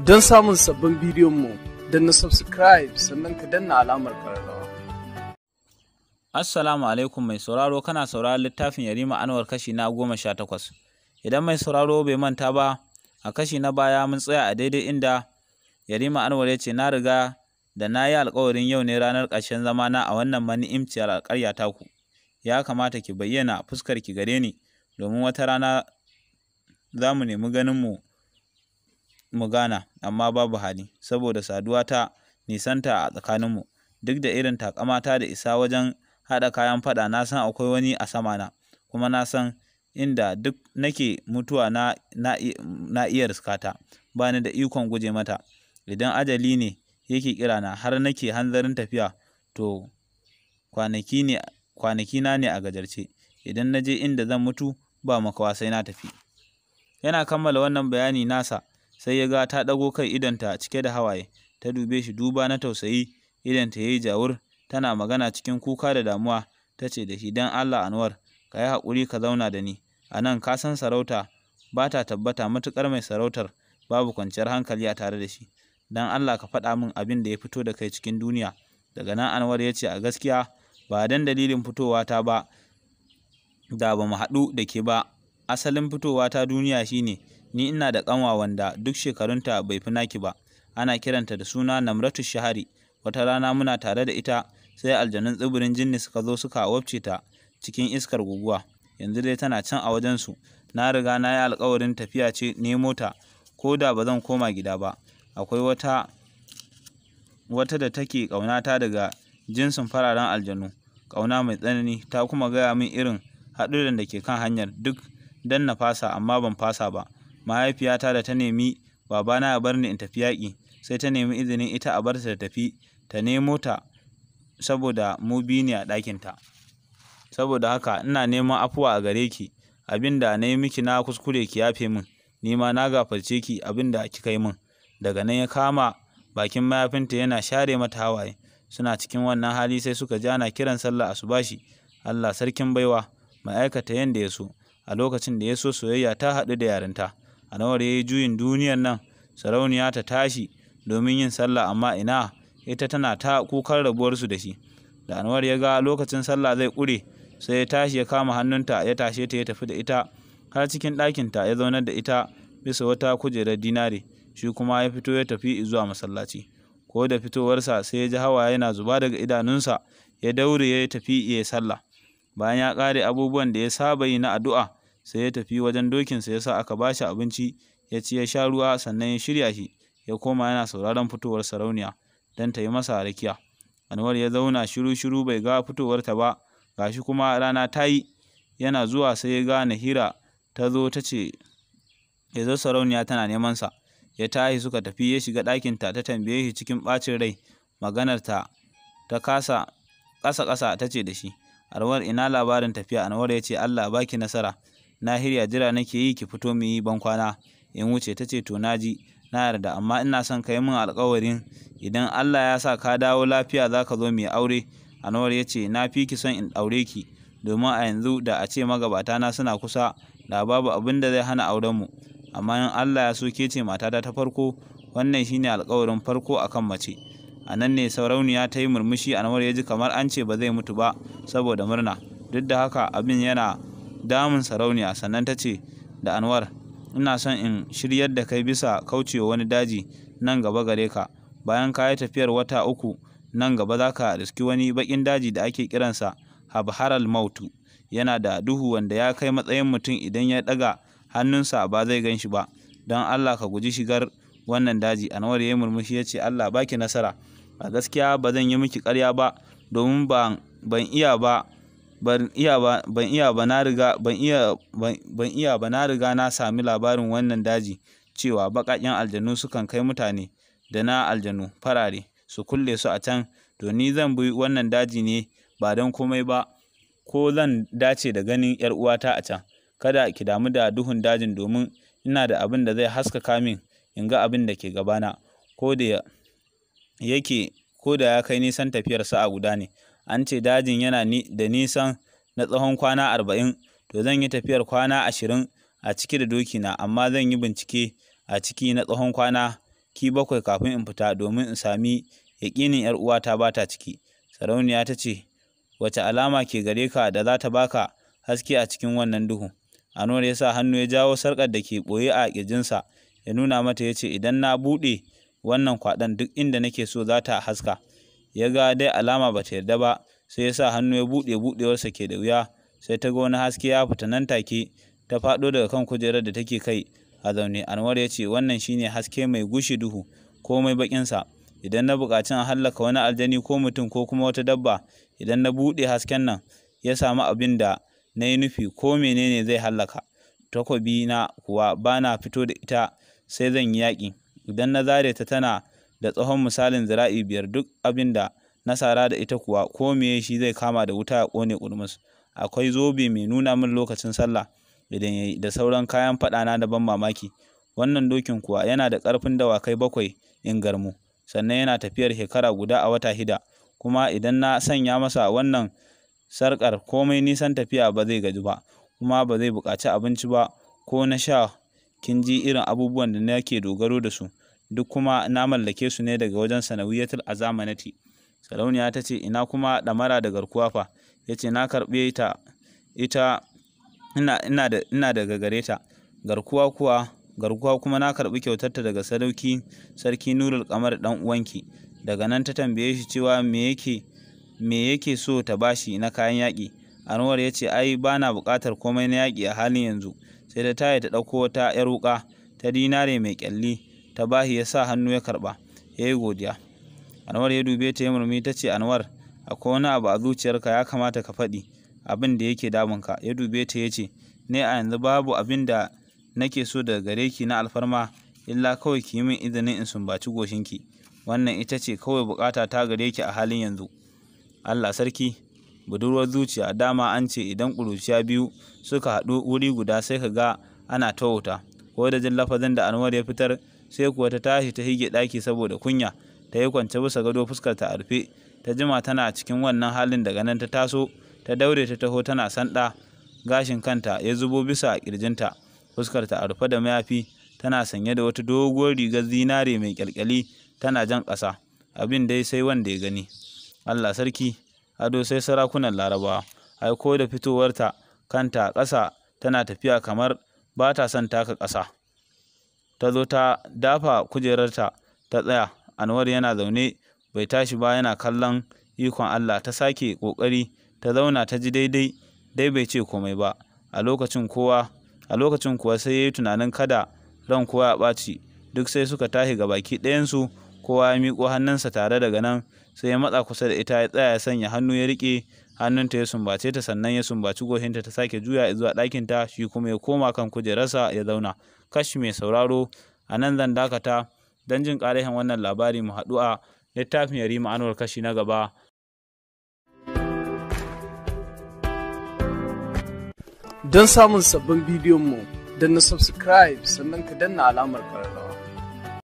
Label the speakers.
Speaker 1: Don samun sabbin bidiyon mu, na subscribe sannan ka danna alamar kararrawa. Assalamu alaikum mai sauraro kana sauraron littafin Yarima Anwar kashi na goma sha takwas. Idan mai sauraro bai manta ba, a kashi na baya mun tsaya a daidai inda Yarima Anwar ya ce na riga da na yi alkawarin yau ne ranar ƙarshen zamana a wannan mani'imciyar alƙarya taku. Ya kamata ki bayyana fuskar ki gare ni domin wata rana za mu nemi ganin mu mu gana amma babu hali, saboda saduwa ta nisanta a tsakaninmu. Duk da irin takamata da isa wajen haɗa kayan faɗa, na san akwai wani a samana, kuma na san inda duk nake mutuwa na iya riskata, ba ni da ikon guje mata. Idan ajali ne yake kirana har nake hanzarin tafiya, to kwanakina ne a gajarce. Idan na je inda zan mutu, ba makawa sai na tafi. Yana kammala wannan bayani nasa, sai ya ga ta ɗago kai idonta cike da hawaye, ta dube shi duba na tausayi, idanta ya yi jawur, tana magana cikin kuka da damuwa, ta ce da shi don Allah Anwar, ka yi haƙuri ka zauna da ni, a nan ka san sarauta ba ta tabbata matuƙar mai sarautar babu kwanciyar hankali a tare da shi, don Allah ka faɗa min abin da ya fito da kai cikin duniya. Daga nan Anwar ya ce a gaskiya ba dan dalilin fitowata ba, da ba mu haɗu da ke ba, asalin fitowata duniya shine Ni ina da kanwa wanda duk shekarunta bai fi naki ba, ana kiranta da suna Namratu Shahari, wata rana muna tare da ita sai aljanun tsibirin Jinni suka zo suka wabce ta cikin iskar guguwa, yanzu dai tana can a wajensu, na riga na yi alkawarin tafiya ce ne mota, ko da ba zan koma gida ba, akwai wata wata da take ƙaunata daga jinsin fararen aljanu, ƙauna mai tsanani ta kuma gaya min irin haɗurin da ke kan hanyar duk dan na fasa amma ban fasa ba. mahaifiyata da ta nemi babana ya bar ni in tafi yaƙi sai ta nemi izinin ita a bar ta tafi ta nemo ta saboda mu biyu ne a ɗakinta saboda haka ina neman afuwa a gare ki abin da na yi miki na kuskure ki yafe min ni ma na gafarce ki abinda da kika yi min daga nan ya kama bakin mayafinta yana share mata hawaye suna cikin wannan hali sai suka jana kiran sallah a su bashi Allah sarkin baiwa ma'aikata yanda ya so a lokacin da ya so soyayya ta haɗu da yarinta a yi juyin duniyan nan sarauniya ta tashi domin yin sallah amma ina ita tana ta kukan rabuwarsu da shi da anwar ya ga lokacin sallah zai ƙure sai ya tashi ya kama hannunta ya tashe ta ya tafi da ita har cikin ɗakinta ya zaunar da ita bisa wata kujerar dinari shi kuma ya fito ya tafi zuwa masallaci ko da fitowarsa sai ya ji hawa yana zuba daga idanunsa ya daure ya tafi ya sallah bayan ya kare abubuwan da ya saba yi na addu'a sai ya tafi wajen dokinsa ya sa aka ba shi abinci ya ci ya sha ruwa sannan ya shirya shi ya koma yana sauraron fitowar sarauniya don ta yi masa rakiya anwar ya zauna shiru shiru bai ga fitowar ta ba gashi kuma rana ta yi yana zuwa sai ya ga nahira ta zo ta ce ya zo sarauniya tana neman sa ya tashi suka tafi ya shiga ɗakin ta tambaye shi cikin bacin rai maganar ta kasa ƙasa ƙasa ta ce da shi anwar ina labarin tafiya anwar ya ce allah baki nasara na hirya jira nake yi ki fito mu yi kwana in wuce tace to na ji na yarda amma ina son kai yi min alkawarin idan Allah ya sa ka dawo lafiya za ka zo mu yi aure Anwar ya ce na fi ki son in aure ki domin a yanzu da a ce magabata na suna kusa da babu abin da zai hana auren mu amma in Allah ya so ke ce matata ta farko wannan shine alkawarin farko akan mace a nan ne sarauniya ta yi murmushi Anwar ya ji kamar an ce ba zai mutu ba saboda murna duk da haka abin yana damun sarauniya sannan ta ce da anwar ina son in shiryar da kai bisa kaucewa wani daji nan gaba gare ka bayan ka yi tafiyar wata uku nan gaba za ka riski wani bakin daji da ake kiransa habharal mautu yana da duhu wanda ya kai matsayin mutum idan ya daga hannunsa ba zai gan shi ba don allah ka guji shigar wannan daji anwar ya yi murmushi ya ce allah baki nasara a gaskiya ba zan yi miki karya ba domin ban iya ba ban iya ba na riga ban iya ba na riga na sami labarin wannan daji cewa baƙaƙen aljanu sukan kai mutane da na aljanu farare su kulle su a can to ni zan bi wannan daji ne ba don komai ba ko zan dace da ganin ‘yar uwata a can kada ki damu da duhun dajin domin ina da abin da zai haskaka min in ga abin da ke gabana ko da yake ko da ya kai nisan tafiyar a guda ne an ce dajin yana da nisan na tsawon kwana arba'in to zan yi tafiyar kwana ashirin a ciki da dokina amma zan yi bincike a ciki na tsawon kwana ki bakwai kafin in fita domin in sami yaƙinin ‘yar uwa ba ta ciki sarauniya ta ce wace alama ke gare ka da za ta baka haske a cikin wannan duhu anwar ya sa hannu ya jawo sarƙar da ke ɓoye a ƙirjinsa ya nuna mata ya ce idan na buɗe wannan kwaɗon duk inda nake so za ta haska ya ga dai alama ba ta yarda ba sai ya sa hannu ya buɗe buɗewarsa ke da wuya sai ta ga wani haske ya fita nan take ta faɗo daga kan kujerar da take kai a zaune anwar ya ce wannan shine haske mai gushi duhu komai sa idan na buƙaci a hallaka wani aljani ko mutum ko kuma wata dabba idan na buɗe hasken nan ya samu abin da na yi nufi ko menene zai hallaka takobi na kuwa ba na fito da ita sai zan yi yaƙi idan na zare ta tana da tsohon misalin zira'i biyar duk abin da na da ita kuwa ko meye shi zai kama da wuta ya kone ƙurmus akwai zobe mai nuna min lokacin sallah idan yayi da sauran kayan faɗana da ban mamaki wannan dokin kuwa yana da ƙarfin dawakai bakwai in garmu sannan yana tafiyar shekara guda a wata hida kuma idan na sanya masa wannan sarƙar komai nisan tafiya ba zai gaji ba kuma ba zai buƙaci abinci ba ko na sha kin ji irin abubuwan da nake dogaro da su duk kuma na mallake su ne daga wajen sanawiyatul azamanati sarauniya ta ce ina kuma ɗamara da garkuwa fa ya ce na karɓe ta ita ina daga gare ta garkuwa kuwa garkuwa kuma na karɓi kyautarta daga sadauki sarki nurul kamar ɗan uwanki daga nan ta tambaye shi cewa me yake me yake so ta bashi na kayan yaƙi anwar ya ce ai ba na buƙatar komai na yaki a halin yanzu sai da taya ta ɗauko wata 'yar wuƙa ta dinare mai ƙyalli tabahi ya sa hannu ya karɓa ya yi godiya anwar ya dube ta ya murmi ta ce anwar akwai wani abu a zuciyarka ya kamata ka faɗi abin da yake damunka ya dube ta ya ce ne a yanzu babu abin da nake so daga gare ki na alfarma illa kawai ki yi min izinin in sumbaci goshinki wannan ita ce kawai bukata ta gare ki a halin yanzu allah sarki budurwar zuciya dama an ce idan ƙuruciya biyu suka haɗu wuri guda sai ka ga ana ta wuta! ko da jin lafazin da anwar ya fitar sai kuwa ta tashi ta hige ɗaki saboda kunya ta yi kwance bisa gado fuskar ta arfe ta jima tana cikin wannan halin daga nan ta taso ta daure ta taho tana sanda gashin kanta ya zubo bisa a kirjinta fuskar ta arfe da mayafi tana sanye da wata doguwar rigar zinare mai kyalkyali tana jan ƙasa abin dai sai wanda ya gani Allah sarki ado sai sarakunan larabawa aiko da fitowarta kanta ƙasa tana tafiya kamar ba ta son taka ƙasa ta zo ta dafa kujerarta ta tsaya anwar yana zaune bai tashi ba yana kallon ikon allah ta sake ƙoƙari ta zauna ta ji daidai dai bai ce komai ba a lokacin kowa a lokacin kuwa sai ya yi tunanin kada ran kowa ya ɓaci duk sai suka tashi ga baki ɗayansu kowa ya miƙo hannunsa tare daga nan sai ya matsa kusa da ita ya tsaya ya sanya hannu ya riƙe hannunta ya sumbace ta sannan ya sumbaci gohinta ta sake juya zuwa ta shi kuma ya koma kan kujerarsa ya zauna kashi mai sauraro a nan zan dakata don jin ƙarihin wannan labari mu haɗu a littafin yarima ma'anuwar kashi na gaba don samun sabbin bidiyon mu na subscribe sannan ka danna alamar